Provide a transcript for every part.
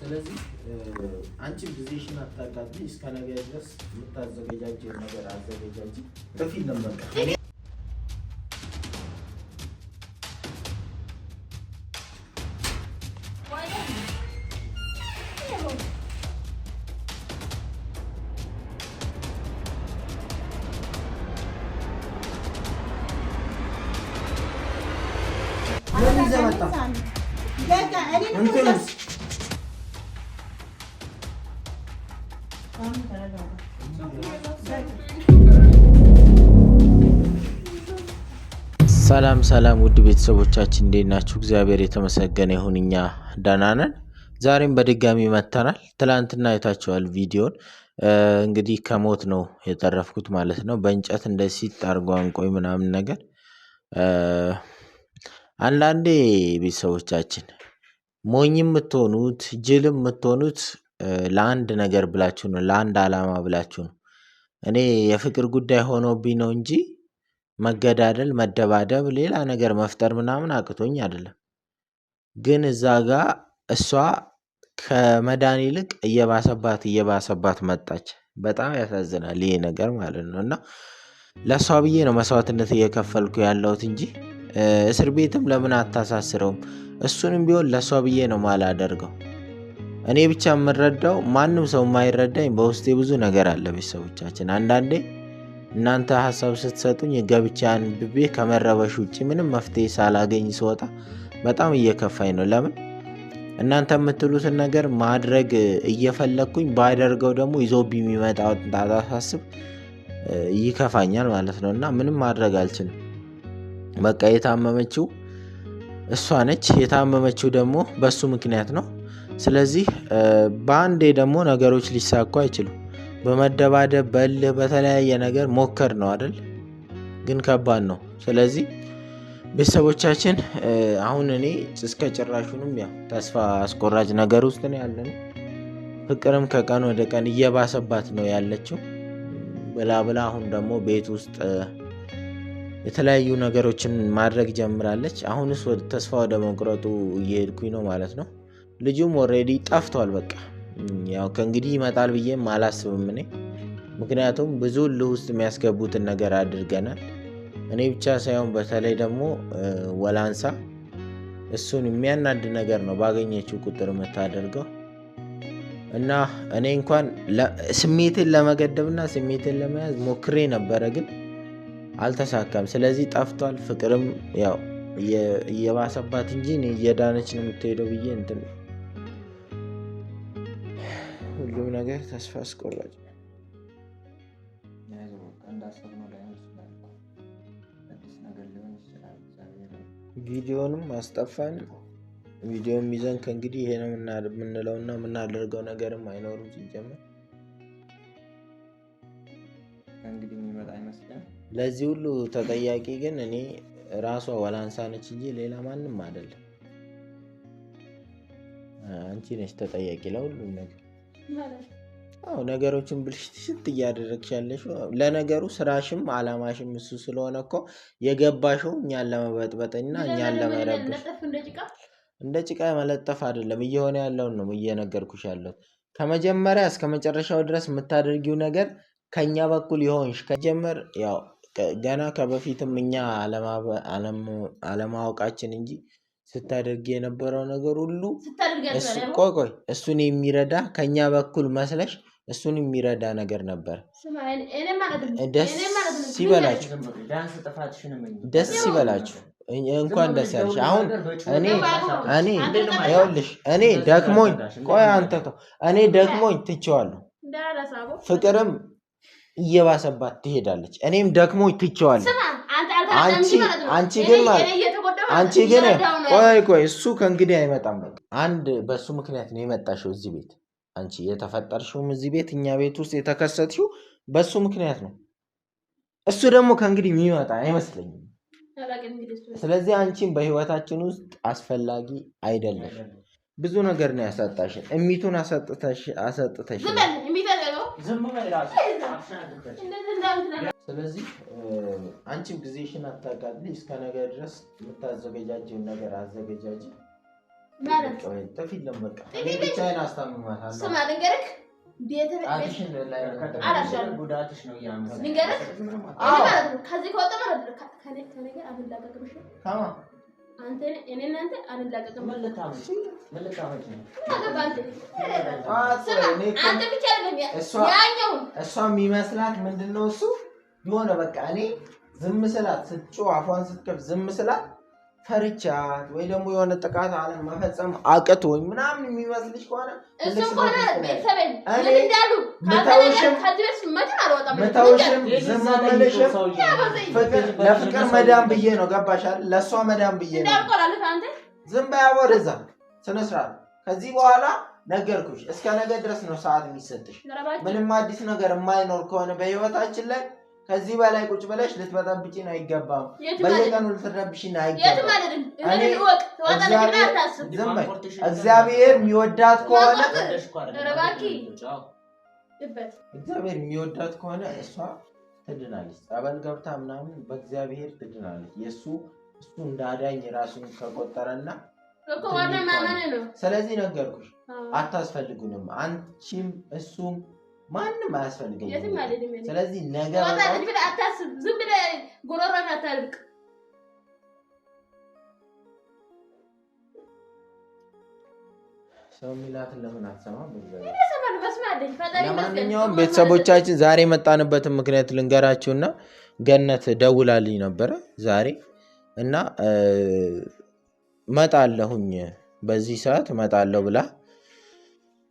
ስለዚህ አንቺ ጊዜሽን አታጋቢ። እስከ ነገ ድረስ የምታዘገጃጅ ነገር አዘገጃጅ በፊት ነው በቃ ሰላም ሰላም ውድ ቤተሰቦቻችን እንዴት ናችሁ? እግዚአብሔር የተመሰገነ ይሁን እኛ ደህና ነን። ዛሬም በድጋሚ መጥተናል። ትላንትና አይታችኋል ቪዲዮን። እንግዲህ ከሞት ነው የተረፍኩት ማለት ነው። በእንጨት እንደ ሲጥ አድርጎ አንቆኝ ምናምን ነገር። አንዳንዴ ቤተሰቦቻችን ሞኝ የምትሆኑት ጅል የምትሆኑት ለአንድ ነገር ብላችሁ ነው፣ ለአንድ አላማ ብላችሁ ነው። እኔ የፍቅር ጉዳይ ሆኖብኝ ነው እንጂ መገዳደል መደባደብ ሌላ ነገር መፍጠር ምናምን አቅቶኝ አይደለም። ግን እዛ ጋ እሷ ከመዳን ይልቅ እየባሰባት እየባሰባት መጣች። በጣም ያሳዝናል ይሄ ነገር ማለት ነው። እና ለእሷ ብዬ ነው መስዋዕትነት እየከፈልኩ ያለሁት እንጂ እስር ቤትም ለምን አታሳስረውም? እሱንም ቢሆን ለእሷ ብዬ ነው ማላደርገው። እኔ ብቻ የምረዳው ማንም ሰው የማይረዳኝ በውስጤ ብዙ ነገር አለ። ቤተሰቦቻችን አንዳንዴ እናንተ ሀሳብ ስትሰጡኝ ገብቻ አንብቤ ከመረበሽ ውጭ ምንም መፍትሄ ሳላገኝ ስወጣ በጣም እየከፋኝ ነው። ለምን እናንተ የምትሉትን ነገር ማድረግ እየፈለግኩኝ ባደርገው ደግሞ ይዞብ የሚመጣ ጣጣ ሳስብ ይከፋኛል ማለት ነው። እና ምንም ማድረግ አልችልም። በቃ የታመመችው እሷ ነች። የታመመችው ደግሞ በሱ ምክንያት ነው። ስለዚህ በአንዴ ደግሞ ነገሮች ሊሳኩ አይችሉም። በመደባደብ በልህ በተለያየ ነገር ሞከር ነው አይደል? ግን ከባድ ነው። ስለዚህ ቤተሰቦቻችን አሁን እኔ እስከ ጭራሹንም ያ ተስፋ አስቆራጭ ነገር ውስጥ ነው ያለ ነው። ፍቅርም ከቀን ወደ ቀን እየባሰባት ነው ያለችው ብላ ብላ አሁን ደግሞ ቤት ውስጥ የተለያዩ ነገሮችን ማድረግ ጀምራለች። አሁንስ ተስፋ ወደ መቁረጡ እየሄድኩኝ ነው ማለት ነው። ልጁም ኦሬዲ ጠፍቷል በቃ ያው ከእንግዲህ ይመጣል ብዬም አላስብም እኔ ምክንያቱም ብዙ ልውስጥ ውስጥ የሚያስገቡትን ነገር አድርገናል። እኔ ብቻ ሳይሆን በተለይ ደግሞ ወላንሳ እሱን የሚያናድ ነገር ነው ባገኘችው ቁጥር የምታደርገው እና እኔ እንኳን ስሜትን ለመገደብና ስሜትን ለመያዝ ሞክሬ ነበረ፣ ግን አልተሳካም። ስለዚህ ጠፍቷል። ፍቅርም ያው እየባሰባት እንጂ እየዳነች ነው የምትሄደው ብዬ እንትን ሁሉም ነገር ተስፋ አስቆራጭ ቪዲዮንም አስጠፋን። ቪዲዮ ይዘን ከእንግዲህ ይሄ ነው የምንለው እና የምናደርገው ነገርም አይኖርም። ሲጀመር ለዚህ ሁሉ ተጠያቂ ግን እኔ ራሷ ወላንሳ ነች እንጂ ሌላ ማንም አደለም አንቺ ነች ተጠያቂ ለሁሉም ነገር። አዎ ነገሮችን ብልሽት ሽት እያደረግሽ ያለች ለነገሩ ስራሽም አላማሽም እሱ ስለሆነ እኮ የገባሽው እኛን ለመበጥበጥና እኛን ለመረብሽ እንደ ጭቃ መለጠፍ አይደለም እየሆነ ያለውን ነው እየነገርኩሽ ያለው። ከመጀመሪያ እስከ መጨረሻው ድረስ የምታደርጊው ነገር ከእኛ በኩል ይሆንሽ ከጀመር ያው ገና ከበፊትም እኛ አለማወቃችን እንጂ ስታደርግ የነበረው ነገር ሁሉ ቆይ ቆይ እሱን የሚረዳ ከኛ በኩል መስለሽ እሱን የሚረዳ ነገር ነበር። ደስ ይበላችሁ፣ ደስ ይበላችሁ። እንኳን ደስ ያለሽ። አሁን እኔ እኔ ይኸውልሽ እኔ ደክሞኝ ቆይ አንተ ተው፣ እኔ ደክሞኝ ትቼዋለሁ። ፍቅርም እየባሰባት ትሄዳለች። እኔም ደክሞኝ ትቼዋለሁ። አንቺ ግን ማለት አንቺ ግን ቆይ ቆይ፣ እሱ ከእንግዲህ አይመጣም። አንድ በእሱ ምክንያት ነው የመጣሽው እዚህ ቤት። አንቺ የተፈጠርሽውም እዚህ ቤት እኛ ቤት ውስጥ የተከሰትሽው በእሱ ምክንያት ነው። እሱ ደግሞ ከእንግዲህ የሚመጣ አይመስለኝም። ስለዚህ አንቺን በህይወታችን ውስጥ አስፈላጊ አይደለም። ብዙ ነገር ነው ያሳጣሽን። እሚቱን አሰጥተሽ አሳጥተሽ ስለዚህ አንቺም ጊዜሽን አታቃጥሊ። እስከ ነገር ድረስ የምታዘገጃጀውን ነገር አዘገጃጅ። ጥፊት ብቻዬን አስታምማታለሁ። ስማ ልንገርህ፣ ነው እሷ የሚመስላት ምንድን ነው እሱ የሆነ በቃ እኔ ዝም ስላት ስጮ አፏን ስትከፍ ዝም ስላት ፈርቻት ወይ ደግሞ የሆነ ጥቃት አለን መፈጸም አቅቶ ወይ ምናምን የሚመስልሽ ከሆነ ምተውሽም ዝም ብልሽም ለፍቅር መዳን ብዬ ነው። ገባሻል። ለእሷ መዳን ብዬ ነው። ዝም በያቦር እዛ ስነስርዓት ከዚህ በኋላ ነገርኩሽ። እስከ ነገ ድረስ ነው ሰዓት የሚሰጥሽ። ምንም አዲስ ነገር የማይኖር ከሆነ በህይወታችን ላይ ከዚህ በላይ ቁጭ ብለሽ ልትበጠብጪን አይገባም። በየቀኑ ልትረብሽን አይገባም። እግዚአብሔር የሚወዳት ከሆነ እግዚአብሔር የሚወዳት ከሆነ እሷ ትድናለች። ጸበል ገብታ ምናምን በእግዚአብሔር ትድናለች። የእሱ እሱ እንዳዳኝ ራሱን ከቆጠረና ስለዚህ ነገርኩሽ፣ አታስፈልጉንም አንቺም እሱም ማንም አያስፈልገኝም። ስለዚህ ነገ አታስብ፣ ዝም ብለህ ጎሮሮን አታልቅ። ለማንኛውም ቤተሰቦቻችን ዛሬ የመጣንበትን ምክንያት ልንገራችሁና ገነት ደውላልኝ ነበረ ዛሬ እና መጣለሁኝ በዚህ ሰዓት መጣለሁ ብላ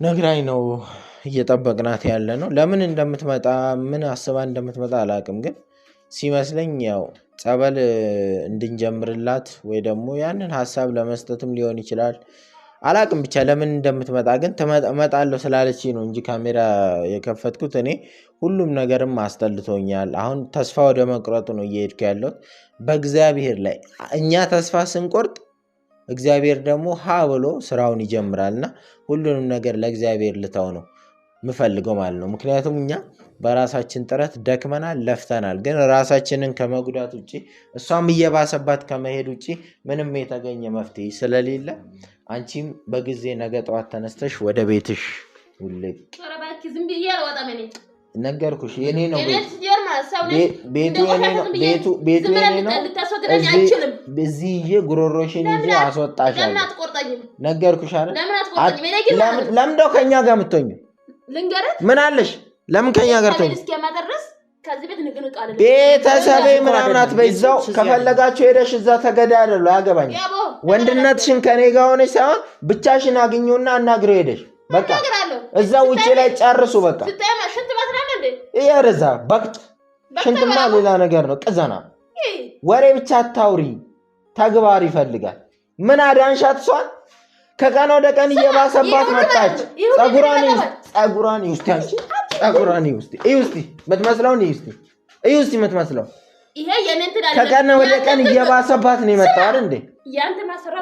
ነግራኝ ነው እየጠበቅናት ያለ ነው። ለምን እንደምትመጣ ምን አስባ እንደምትመጣ አላውቅም፣ ግን ሲመስለኝ ያው ጸበል እንድንጀምርላት ወይ ደግሞ ያንን ሀሳብ ለመስጠትም ሊሆን ይችላል። አላቅም ብቻ ለምን እንደምትመጣ ግን እመጣለሁ ስላለች ነው እንጂ ካሜራ የከፈትኩት እኔ ሁሉም ነገርም አስጠልቶኛል። አሁን ተስፋ ወደ መቁረጡ ነው እየሄድኩ ያለሁት በእግዚአብሔር ላይ። እኛ ተስፋ ስንቆርጥ እግዚአብሔር ደግሞ ሀ ብሎ ስራውን ይጀምራል እና ሁሉንም ነገር ለእግዚአብሔር ልተው ነው። የምፈልገው ማለት ነው። ምክንያቱም እኛ በራሳችን ጥረት ደክመናል፣ ለፍተናል። ግን ራሳችንን ከመጉዳት ውጭ እሷም እየባሰባት ከመሄድ ውጭ ምንም የተገኘ መፍትሄ ስለሌለ አንቺም በጊዜ ነገ ጠዋት ተነስተሽ ወደ ቤትሽ ውልቅ። ነገርኩሽ፣ የኔ ነው ቤቱ፣ ቤቱ የኔ ነው። እዚህ ይዤ ጉሮሮሽን ይዤ አስወጣሻለሁ። ነገርኩሽ አይደል? ከእኛ ጋር የምትሆኝው? ልንገርህ። ምን አለሽ? ለምን ከኛ ጋር ተኝ ቤተሰቤ ምናምን አትበይ። ከፈለጋችሁ ሄደሽ እዛ ተገዳደሉ፣ አያገባኝ። ወንድነትሽን ከኔ ጋር ሆነሽ ሳይሆን ብቻሽን አግኝውና አናግረው ሄደሽ በቃ እዛ ውጭ ላይ ጨርሱ። በቃ ይርዛ በቅጥ ሽንትማ ሌላ ነገር ነው። ቅዘና ወሬ ብቻ አታውሪ፣ ተግባር ይፈልጋል። ምን አዳንሻት? እሷን ከቀን ወደ ቀን እየባሰባት መጣች። ፀጉሯን ፀጉሯን ይውስቲ አንቺ ፀጉሯን ይውስቲ ይውስቲ የምትመስለውን ይውስቲ ይውስቲ የምትመስለው ይሄ የኔንትን አይደለም። ከቀን ወደ ቀን እየባሰባት ነው የመጣው አይደል እንዴ?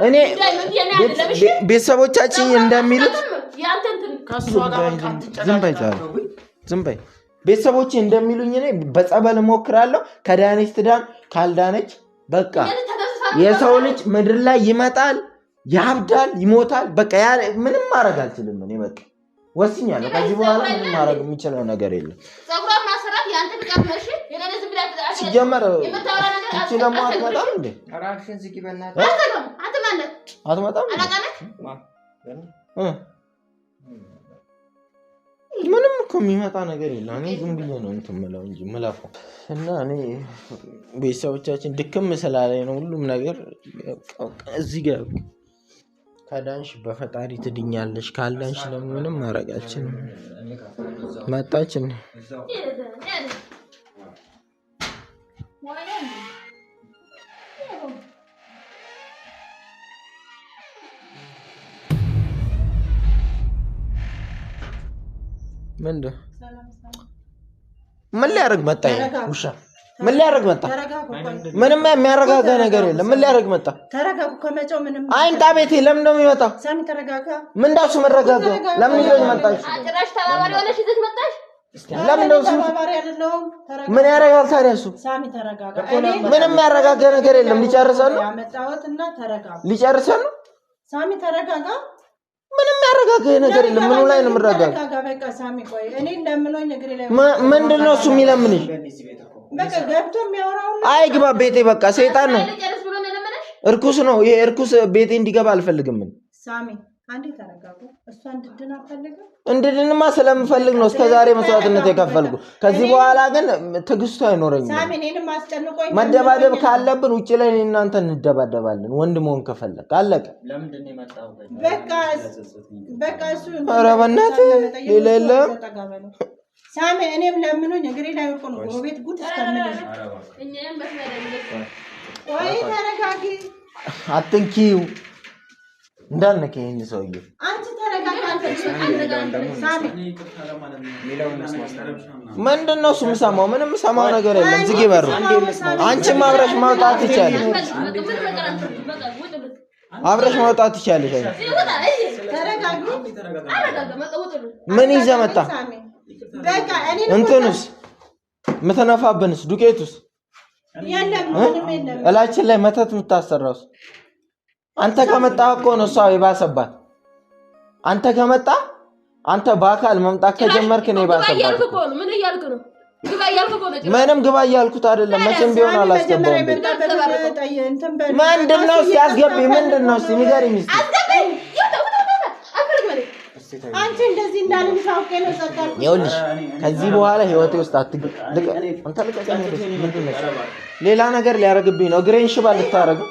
እኔ ቤተሰቦቻችን እንደሚሉት ዝም በይ ዛሬ ዝም በይ። ቤተሰቦቼ እንደሚሉኝ እኔ በጸበል እሞክራለሁ። ከዳነች ትዳን፣ ካልዳነች በቃ የሰው ልጅ ምድር ላይ ይመጣል፣ ያብዳል፣ ይሞታል። በቃ ምንም ማድረግ አልችልም እኔ በቃ ወስኛለሁ። ከዚህ በኋላ ምንም ማድረግ የምችለው ነገር የለም። ጸጉሯን ማሰራት የአንተ ብቃት ነው። እሺ ሲጀመር እቺ ደግሞ አትመጣም እንዴ? አትመጣም ምንም እኮ የሚመጣ ነገር የለ። እኔ ዝም ብዬ ነው እንትን የምለው እንጂ የምለፋው እና እኔ ቤተሰቦቻችን ድክም ስላለኝ ነው ሁሉም ነገር እዚህ ጋር ከዳንሽ በፈጣሪ ትድኛለሽ፣ ካልዳንሽ ለምንም ማረጋችን መጣችን። ምንድን ምን ሊያደርግ መጣ ውሻ? ምን ሊያደርግ መጣ? ምንም የሚያረጋጋ ነገር የለም። ምን ሊያደርግ መጣ? ተረጋጉ። ከመጫው ምንም አይምጣ ቤቴ። ለምን ነው የሚመጣ? ሳሚ ተረጋጋ። ምን ዳሱ መረጋጋ? ለምን ይዞኝ መጣሽ? ጭራሽ ተባባሪ ይዘሽ መጣሽ። ለምን ነው ምን ያረጋል ታዲያ እሱ? ሳሚ ተረጋጋ። ምንም ያረጋጋ ነገር የለም። ሊጨርሰን ነው ያመጣሁትና ተረጋጋ። ሊጨርሰን ነው ሳሚ ተረጋጋ። ምንም ያረጋጋ ነገር የለም። ምኑ ላይ ነው የምረጋጋ? በቃ ሳሚ ቆይ፣ እኔ እንደምለው ነገር የለም። ምንድን ነው እሱ የሚለምንሽ? አይግባ ቤቴ። በቃ ሰይጣን ነው፣ እርኩስ ነው። ይሄ እርኩስ ቤቴ እንዲገባ አልፈልግም። እንድድንማ ስለምፈልግ ነው እስከዛሬ መስዋዕትነት የከፈልኩ። ከዚህ በኋላ ግን ትዕግስቱ አይኖረኝም። መደባደብ ካለብን ውጭ ላይ እናንተ እንደባደባለን። ወንድ መሆን ከፈለግ አለቀ። ኧረ በእናትህ ሌላ የለም። ሳሚ እኔም ለምኑኝ እግሬ ላይ ወርቆ ነው ጎረቤት ጉድ እስከምልህ። ቆይ ተረጋጊ፣ አትንኪው እንዳልነከ ይህን ሰውዬ አንቺ ተረጋጊ። ምንድን ነው እሱ የምሰማው? ምንም የምሰማው ነገር የለም። ዝጊ በሩ። አንቺም አብረሽ ማውጣት ይቻለሽ፣ አብረሽ ማውጣት ይቻለሽ። ምን ይዘህ መጣ? እንትንስ የምትነፋብንስ ዱቄቱስ እላችን ላይ መተት የምታሰራውስ አንተ ከመጣ እኮ ነው እሷ የባሰባት። አንተ ከመጣ አንተ በአካል መምጣት ከጀመርክ ነው የባሰባት። ምንም ግባ እያልኩት አይደለም። መቼም ቢሆን አላስገባውም። ምንድን ነው እስኪ አስገቢ። ምንድን ነው እስኪ ንገሪኝ እስኪ አንቺ እንደዚህ እንዳልን ታውቄ ነው። ይኸውልሽ ከዚህ በኋላ ህይወቴ ውስጥ ሌላ ነገር ሊያደርግብኝ ነው። እግሬን ሽባ ልታረገው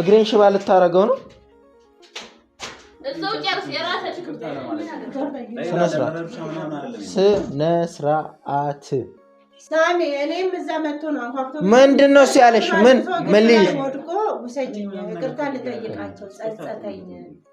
እግሬን ሽባ ልታረገው ነው። ስነ ስርዓት ምንድን ነው እሱ ያለሽ? ምን ምን ልይሽ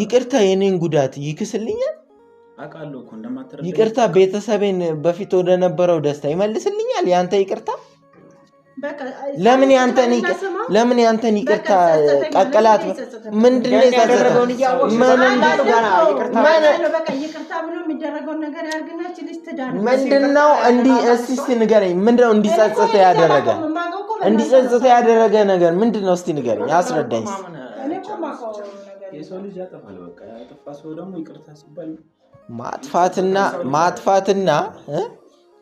ይቅርታ የኔን ጉዳት ይክስልኛል? ይቅርታ ቤተሰቤን በፊት ወደነበረው ደስታ ይመልስልኛል? የአንተ ይቅርታ ለምን ያንተን ይቅርታ ቀቅላት? ምንድን ነው የሰሰተው? ምንድን ነው እንዲህ? እስኪ ንገረኝ። ምንድነው ነው ያደረገ እንዲጸጽት ያደረገ ነገር ምንድነው እስቲ ንገረኝ፣ አስረዳኝ። የሰው ልጅ ያጠፋል። በቃ ያጠፋ ሰው ደግሞ ይቅርታ ሲባል ማጥፋትና ማጥፋትና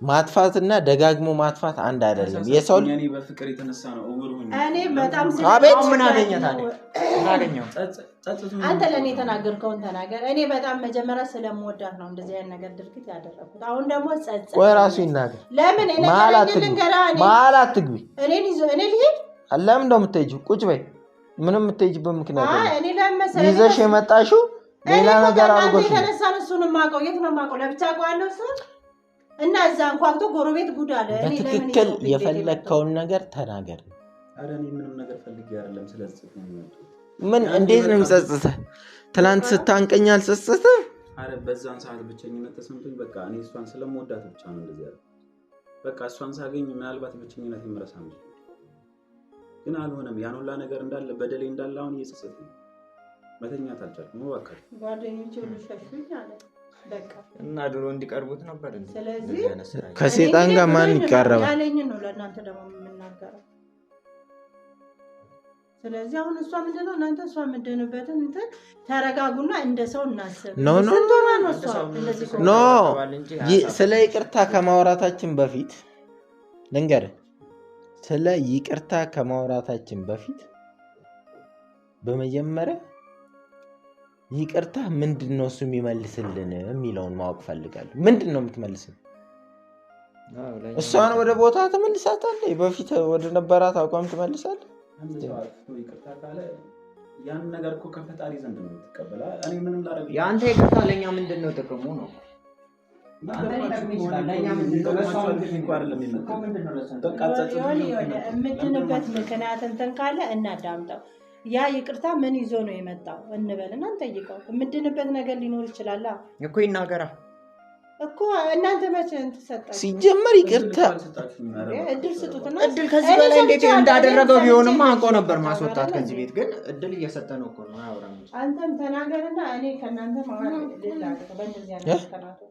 ማጥፋትና ደጋግሞ ማጥፋት አንድ አይደለም። የሰው በፍቅር የተነሳ ነው። አቤት ምን አንተ ለእኔ የተናገርከውን ተናገር። እኔ በጣም መጀመሪያ ስለምወዳት ነው እንደዚህ አይነት ነገር ድርጊት ያደረኩት። አሁን ደግሞ ጸጸ ወይ ራሱ ይናገር። ለምን መሀል አትግቢ። እኔ ለምን እንደምትሄጂው ቁጭ በይ ምንም የምትሄጂበት ምክንያት ይዘሽ የመጣሽው ሌላ ነገር አድርጎት የተነሳ እሱን የማውቀው የት ነው የማውቀው? ለብቻ ቋለው እሱ እና እዛ እንኳን ቶ ጎረቤት ጉድ አለ። በትክክል የፈለግከውን ነገር ተናገር። ምን እንዴት ነው የምጸጽተህ? ትናንት ስታንቀኝ አልጸጸተህ? አረ በዛን ሰዓት ብቸኝነት ተሰምቶኝ በቃ እኔ እሷን ስለምወዳት ብቻ ነው እንደዚህ ያለ በቃ እሷን ሳገኝ ምናልባት ብቸኝነት ይመረሳ ነው ግን አልሆነም። ያን ነገር እንዳለ በደሌ እንዳለ አሁን እየጸጸት ነው። መተኛት አልቻልኩም። እባክህ ጓደኞቼ ሁሉ አለ እና ድሮ እንዲቀርቡት ነበር። ስለዚህ ከሴጣን ጋር ማን ይቀረባል? ያለኝን ነው ለእናንተ ደግሞ የምናገረው። ስለዚህ አሁን እሷ ምንድነው እናንተ እሷ የምድንበትን እንትን ተረጋጉና እንደ ሰው እናስብ። ስለ ይቅርታ ከማውራታችን በፊት ልንገርህ ስለ ይቅርታ ከማውራታችን በፊት በመጀመሪያ ይቅርታ ምንድን ነው እሱ የሚመልስልን የሚለውን ማወቅ ፈልጋለሁ። ምንድን ነው እሷን ወደ ቦታ ትመልሳታለህ? በፊት ወደ ነበራት አቋም ትመልሳለህ? ያን ነገር እኮ ከፈጣሪ ዘንድ ነው የአንተ ይቅርታ ለእኛ ምንድን ነው ጥቅሙ ነው የምድንበት ምክንያት እንትን ካለ እናዳምጠው። ያ ይቅርታ ምን ይዞ ነው የመጣው እንበል እና እንጠይቀው። የምድንበት ነገር ሊኖር ይችላል እኮ ይናገራ እኮ እናንተ መቼ እንትሰጣችሁ ሲጀመር ይቅርታ እድል ስጡትና እድል ከዚህ በላይ እንዴት እንዳደረገው ቢሆንም አንቆ ነበር ማስወጣት ከዚህ ቤት ግን እድል እየሰጠ ነው እኮ አንተም ተናገርና እኔ ከእናንተ መሀል ልላቅ በእንደዚህ ያለ ተናገር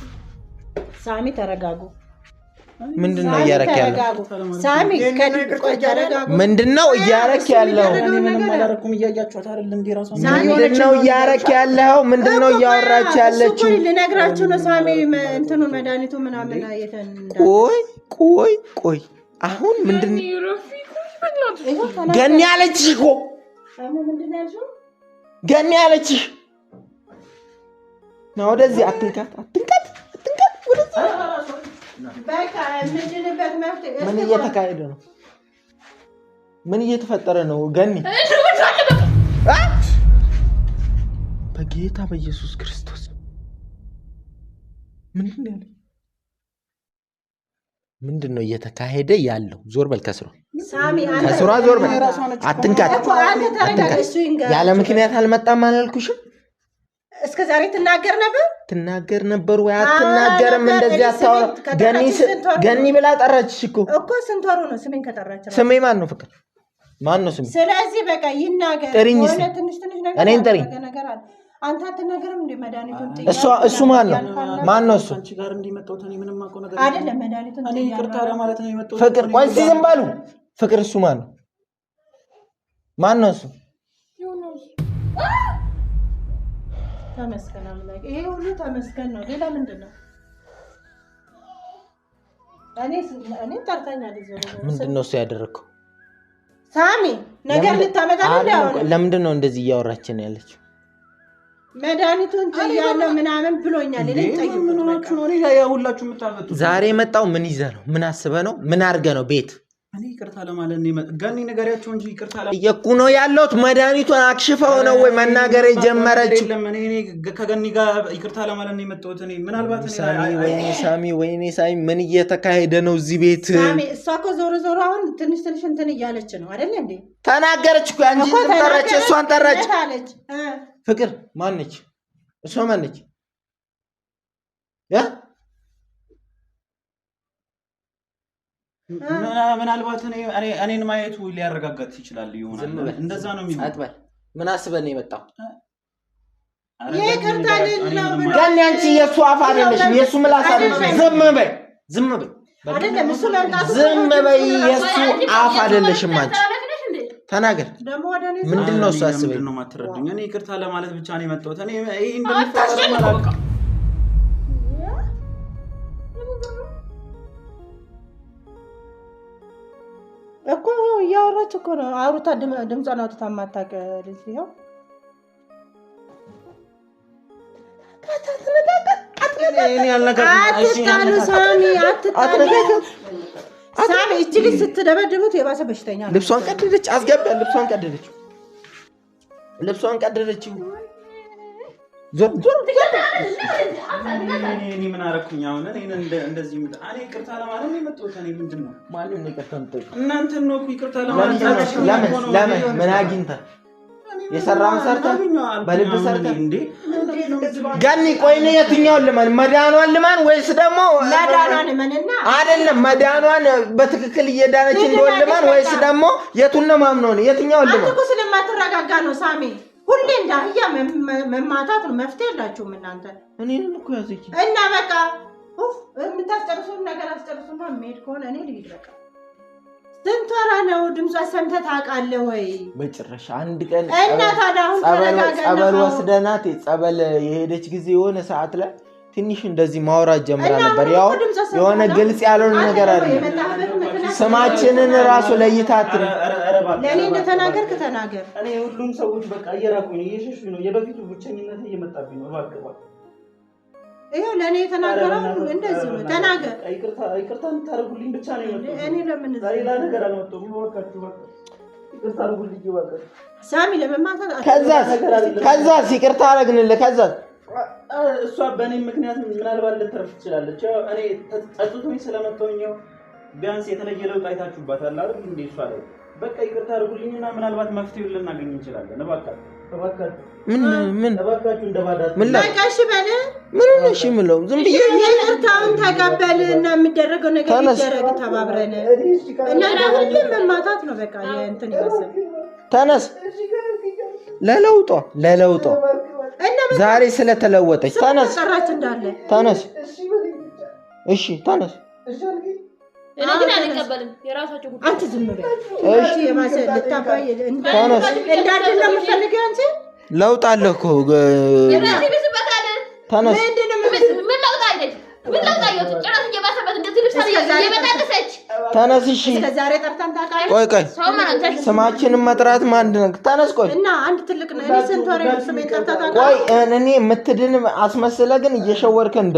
ሳሚ ተረጋጉ። ምንድን ነው እያረክ ያለው? ሳሚ ምንድን ነው እያረክ ያለው? ምንድን ነው እያረክ ያለው? ምንድን ነው እያወራች ያለችው? ልነግራችሁ ነው። ሳሚ እንትኑ መድኃኒቱ ምናምን ቆይ ቆይ ቆይ፣ አሁን ምንድን ገኒ ያለችሽ እኮ ገኒ ያለችሽ ነው። ወደዚህ አትንካት፣ አትንካት ምን እየተካሄደ ነው? ምን እየተፈጠረ ነው? ገኒ በጌታ በኢየሱስ ክርስቶስ ምንድን ነው ምንድን ነው እየተካሄደ ያለው? ዞር በል ከስሯ፣ ከስሯ ዞር በል። አትንካት። ያለ ምክንያት አልመጣም አላልኩሽም? እስከ ዛሬ ትናገር ነበር ትናገር ነበር ወይ አትናገርም? እንደዚህ አታወራ። ገኒ ብላ ጠራችሽ እኮ እኮ ስንት ወሩ ነው ስሜን ከጠራች? ስሜ ማን ነው? ፍቅር ማን ነው ስሜ? ስለዚህ በቃ ይናገር። ጥሪኝ እስኪ እኔን ጥሪኝ። አንተ አትናገርም እንዴ? መድኃኒቱን እሱ እሱ ማን ነው ማን ነው እሱ? ፍቅር ቆይ ዝም በሉ። ፍቅር እሱ ማን ነው ማን ነው እሱ? ተመስገን አምላኬ። ይሄ ሁሉ ተመስገን ነው። ሌላ ምንድን ነው? እኔ ጠርተኛ ምንድን ነው እሱ ያደረግከው? ሳሚ ነገር ልታመጣ ለምንድን ነው እንደዚህ እያወራችን ያለችው? መድኃኒቱን ትያለሁ ምናምን ብሎኛል። ዛሬ የመጣው ምን ይዘህ ነው? ምን አስበህ ነው? ምን አድርገህ ነው ቤት እኔ ይቅርታ ለማለት ነው የመጣ እንጂ ይቅርታ እየኩ ነው ያለሁት። አክሽፈው ነው ወይ መናገር የጀመረች? ጋር ይቅርታ ለማለት ነው የመጣሁት። እኔ ምናልባት ወይኔ ሳሚ፣ ወይኔ ሳሚ፣ ምን እየተካሄደ ነው እዚህ ቤት? እሷ እኮ ዞሮ ዞሮ አሁን ትንሽ ትንሽ እንትን እያለች ነው እንዴ? ተናገረች እኮ እሷን ጠረች። ፍቅር ማነች? እሷ ማነች? ምናልባት እኔን ማየቱ ሊያረጋጋት ይችላል ይሆናል። እንደዛ ነው የሚሆን። ምን አስበን የመጣው ገኒ፣ አንቺ የእሱ አፍ አይደለሽም፣ የእሱ ምላስ አይደለሽም። ዝም በይ፣ ዝም በይ፣ ዝም በይ። የእሱ አፍ አይደለሽም አንቺ ተናገር። ምንድን ነው እሱ አስበኝ። እኔ ይቅርታ ለማለት ብቻ ነው የመጣሁት። እኮ እያወራች እኮ ነው። አውርታ ድምፃን አውጥታ የማታውቅ ልጅ ይኸው እቺ ልጅ ስትደበድቡት የባሰ በሽተኛ ልብሷን ቀደደች። አስገባ ልብሷን ቀደደች። ልብሷን ቀደደችው ዞር ዞር እኔ ምን አደረኩኝ? አሁን እንደዚህ እኔ የሰራውን ሰርተህ በልብ ሰርተህ ገኒ፣ ቆይ የትኛውን ልመን? መዳኗን ወይስ ደግሞ አይደለም መዳኗን በትክክል እየዳነች እንደሆን ወይስ ደግሞ የቱን ነው ማምነው? የትኛውን ስለማትረጋጋ ነው ሁሌ እንደ አህያ መማታት ነው። መፍትሄ የላችሁም እናንተ። እኔንም እኮ ያዘች እና በቃ የምታስጨርሱን ነገር አስጨርሱና የሚሄድ ከሆነ እኔ ልሂድ በቃ። ስንት ወራ ነው ድምጿ ሰምተ ታውቃለህ ወይ? በጭራሽ አንድ ቀን እና ታዲያ አሁን ጸበል ወስደናት ጸበል የሄደች ጊዜ የሆነ ሰዓት ላይ ትንሽ እንደዚህ ማውራት ጀምራ ነበር። ያው የሆነ ግልጽ ያልሆነ ነገር አለ። ስማችንን ራሱ ለይታትን ለእኔ እንደተናገርክ ተናገር። እኔ ሁሉም ሰዎች በቃ እየራኩኝ ነው፣ እየሸሹኝ ነው። የበፊቱ ብቸኝነት እየመጣብኝ ነው። እባክህ ይኸው ለእኔ የተናገረው እንደዚህ ነው። ተናገር። ይቅርታ እንድታደርጉልኝ ብቻ ነው እኔ ለምን ሌላ ነገር አልመጣሁም። እባካችሁ ይቅርታ አድርጉልኝ እባክህ። ሳሚ ለመማታት ከዛስ ከዛስ ይቅርታ አደረግንልህ ከዛስ እሷ በእኔ ምክንያት ምናልባት ልትረፍ ትችላለች። እኔ ተጸጽቶኝ ስለመጣሁ ቢያንስ የተለየ ለውጥ አይታችሁባታል አይደል? እንደ እሷ ላይ በቃ ይቅርታ አድርጉልኝና ምናልባት መፍትሄ ልናገኝ እንችላለን። እባካችሁ ምን ምን እንደባዳት ምን በለ ምን ነው እሺ ዝም ብዬ እና የሚደረገው ነገር ይደረግ፣ ተባብረን እና መማታት ነው በቃ እንትን ይወሰን። ተነስ ለለውጦ ለለውጧ ዛሬ ስለተለወጠች ተነስ ተነስ። እሺ ተነስ ነው ለውጥ አለ እኮ ተነስ። ቆይ ቆይ፣ ስማችንን መጥራት ማንድ ነው። ተነስ ቆይ። ቆይ እኔ የምትድን አስመስለ ግን እየሸወርክ እንደ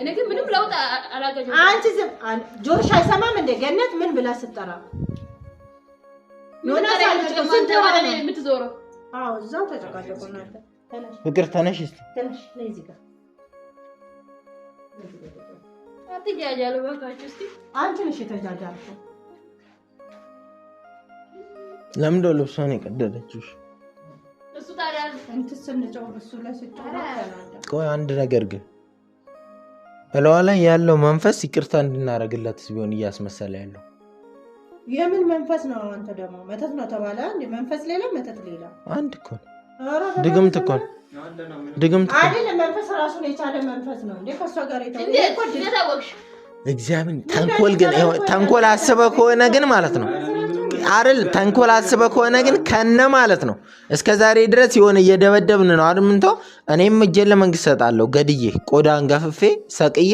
እኔ ግን ምንም ለውጥ አላገኘሁም። አንቺ ዝም ጆሮሽ አይሰማም እንደ ገነት ምን ብላ ስትጠራ የምትዞረው እዛው ተጨቃጨቁ። ፍቅር ተነሽ እስኪ ተነሽ ነይ ለምን እንደው ልብሷን የቀደደችሽ? እሱ አንድ ነገር ግን እለዋ ላይ ያለው መንፈስ ይቅርታ እንድናደርግለት ቢሆን እያስመሰለ ያለው የምን መንፈስ ነው? አንተ ደግሞ መተት ነው ተባለ። አንድ መንፈስ ሌላ መተት ሌላ። አንድ እኮ ድግምት እኮ ድግምት አይደለም። መንፈስ ራሱን የቻለ መንፈስ ነው እንዴ ከእሷ ጋር እግዚአብሔር። ተንኮል ግን ተንኮል አስበህ ከሆነ ግን ማለት ነው አይደል? ተንኮል አስበ ከሆነ ግን ከነ ማለት ነው። እስከ ዛሬ ድረስ የሆነ እየደበደብን ነው አይደል? እኔም እጄን ለመንግስት ሰጣለሁ፣ ገድዬ ቆዳ ገፍፌ ሰቅዬ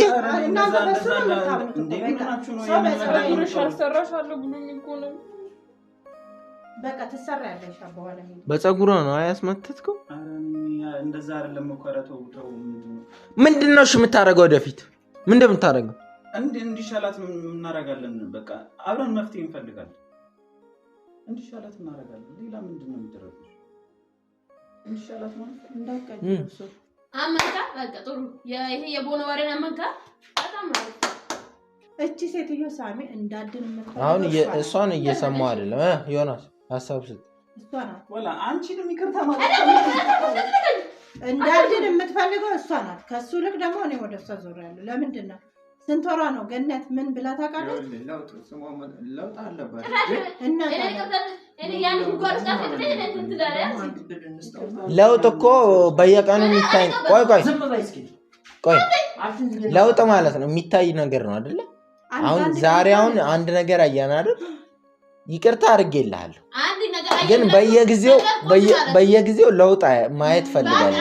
በፀጉሯ ነው አያስመተትከው። ምንድን ነው የምታደርገው? ወደፊት ምንድን የምታደርገው? እንዲሻላት እናደርጋለን። በቃ አብረን መፍትሄ እንፈልጋለን። እንዲሻላት እናደርጋለን። ሌላ ምንድን ነው የሚደረገው? እንዲሻላት ማለት እንዳትቀጭ አመንካ በቃ ጥሩ። ይሄ የቦነ ወሬን አመንካ በጣም ነው እቺ ሴትዮ ሳሚ እንዳድን የምትለው አሁን እሷን እየሰማው አይደለም። ዮናስ ሀሳብ ስጥ እንዳድን የምትፈልገው እሷ ናት። ከሱ ልክ ደግሞ እኔ ወደ እሷ ዞር ያለሁ ለምንድን ነው ስንቶራ ነው ገነት? ምን ብላ ታውቃለች? ለውጥ ለውጥ እኮ በየቀኑ የሚታይ ቆይ ቆይ ቆይ ለውጥ ማለት ነው የሚታይ ነገር ነው አይደለ? አሁን ዛሬ አሁን አንድ ነገር አያን አይደል? ይቅርታ አድርጌልሃለሁ፣ ግን በየጊዜው በየጊዜው ለውጥ ማየት ፈልጋለሁ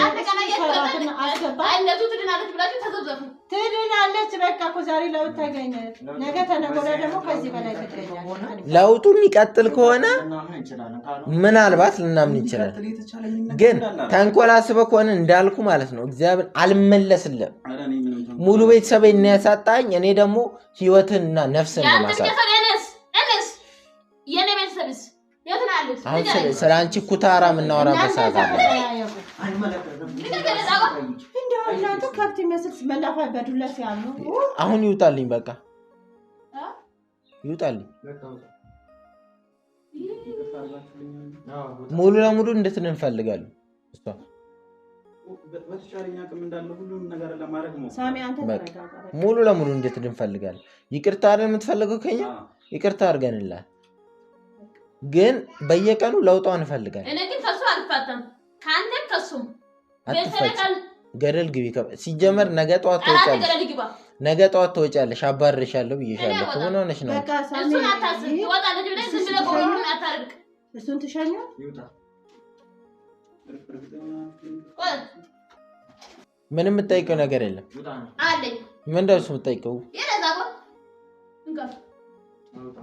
ትድናለች። በቃ እኮ ዛሬ ለውጥ ተገኘ፣ ነገ ተነገ ወዲያ ደግሞ ከዚህ በላይ ትገኛለች። ለውጡ የሚቀጥል ከሆነ ምናልባት ልናምን ይችላል። ግን ተንኮል አስበህ ከሆነ እንዳልኩ ማለት ነው እግዚአብሔር አልመለስልም። ሙሉ ቤተሰብ እናያሳጣኝ እኔ ደግሞ ህይወትንና ነፍስን ማሳ ስለ አንቺ ኩታራ የምናወራበት ሰዓት አለ እናቱ ከብት የሚመስል መላፋ በዱላ ሲያሙ አሁን ይውጣልኝ፣ በቃ ይውጣልኝ። ሙሉ ለሙሉ እንደትን እንፈልጋሉ ሙሉ ለሙሉ እንድትን እንፈልጋል ይቅርታ አይደል የምትፈልገው ከኛ ይቅርታ አድርገንላል፣ ግን በየቀኑ ለውጧ እንፈልጋለን። እኔ ግን ከሱ አልፋታም፣ ከአንተም ከሱም ገደል ግቢ። ሲጀመር ነገ ጠዋት ተወጫለሽ፣ ነገ ጠዋት ተወጫለሽ። አባርሻለሁ ብዬሻለሁ። ምን ሆነሽ ነው? እሱን የምጠይቀው ነገር የለም። ምን ደሱ የምጠይቀው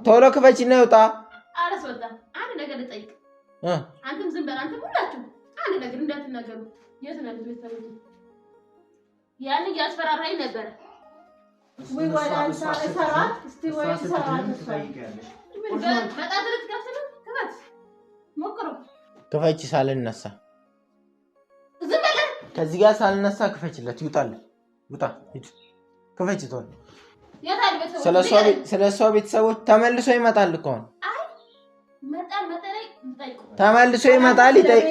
ቶሎ ክፈች እና ይውጣ። አንድ ነገር ልጠይቅ። አንተም ዝም በል። አንተም ሁላችሁ አንድ ነገር እንዳትናገሩ። የት ነው ቤተሰቦች? ያን እያስፈራራኝ ነበር። ወይ ወላን አንሳ እስቲ ወይ እሰራት ክፈች ሳልነሳ ከዚህ ጋር ሳልነሳ ክፈችለት። ይውጣል ውጣ ክፈች ቶል ስለ እሷ ቤተሰቦች ተመልሶ ይመጣል እኮ አሁን ተመልሶ ይመጣል ይጠይቅ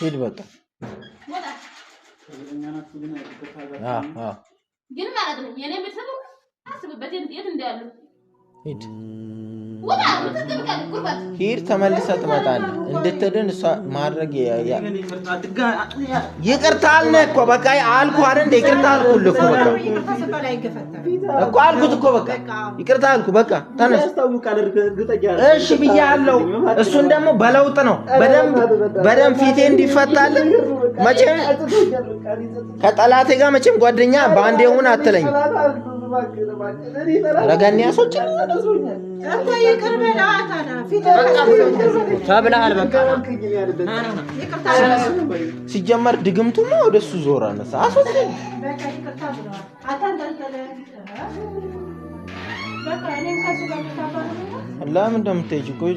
ሂድ በቃ ግን ማለት ነው የኔ ቤተሰብ አስብበት የት እንዳሉ ሂድ ሂድ ተመልሰ ትመጣለህ። እንድትድን እሷ ማድረግ ይቅርታ አልነ እኮ በቃ አልኩ አይደል? እንደ ይቅርታ አልኩ እኮ በቃ እኮ አልኩት እኮ በቃ ይቅርታ አልኩ በቃ ተነስ። እሺ ብያለሁ። እሱን ደግሞ በለውጥ ነው በደንብ ፊቴ እንዲፈታልን መቼም ከጠላቴ ጋር መቼም ጓደኛ በአንዴ ሁን አትለኝ ረገን ያሶች ተብለሃል። በቃ ሲጀመር ድግምቱማ ዞር አነሳ አሶች ለምን እንደምትሄጂ ቆይ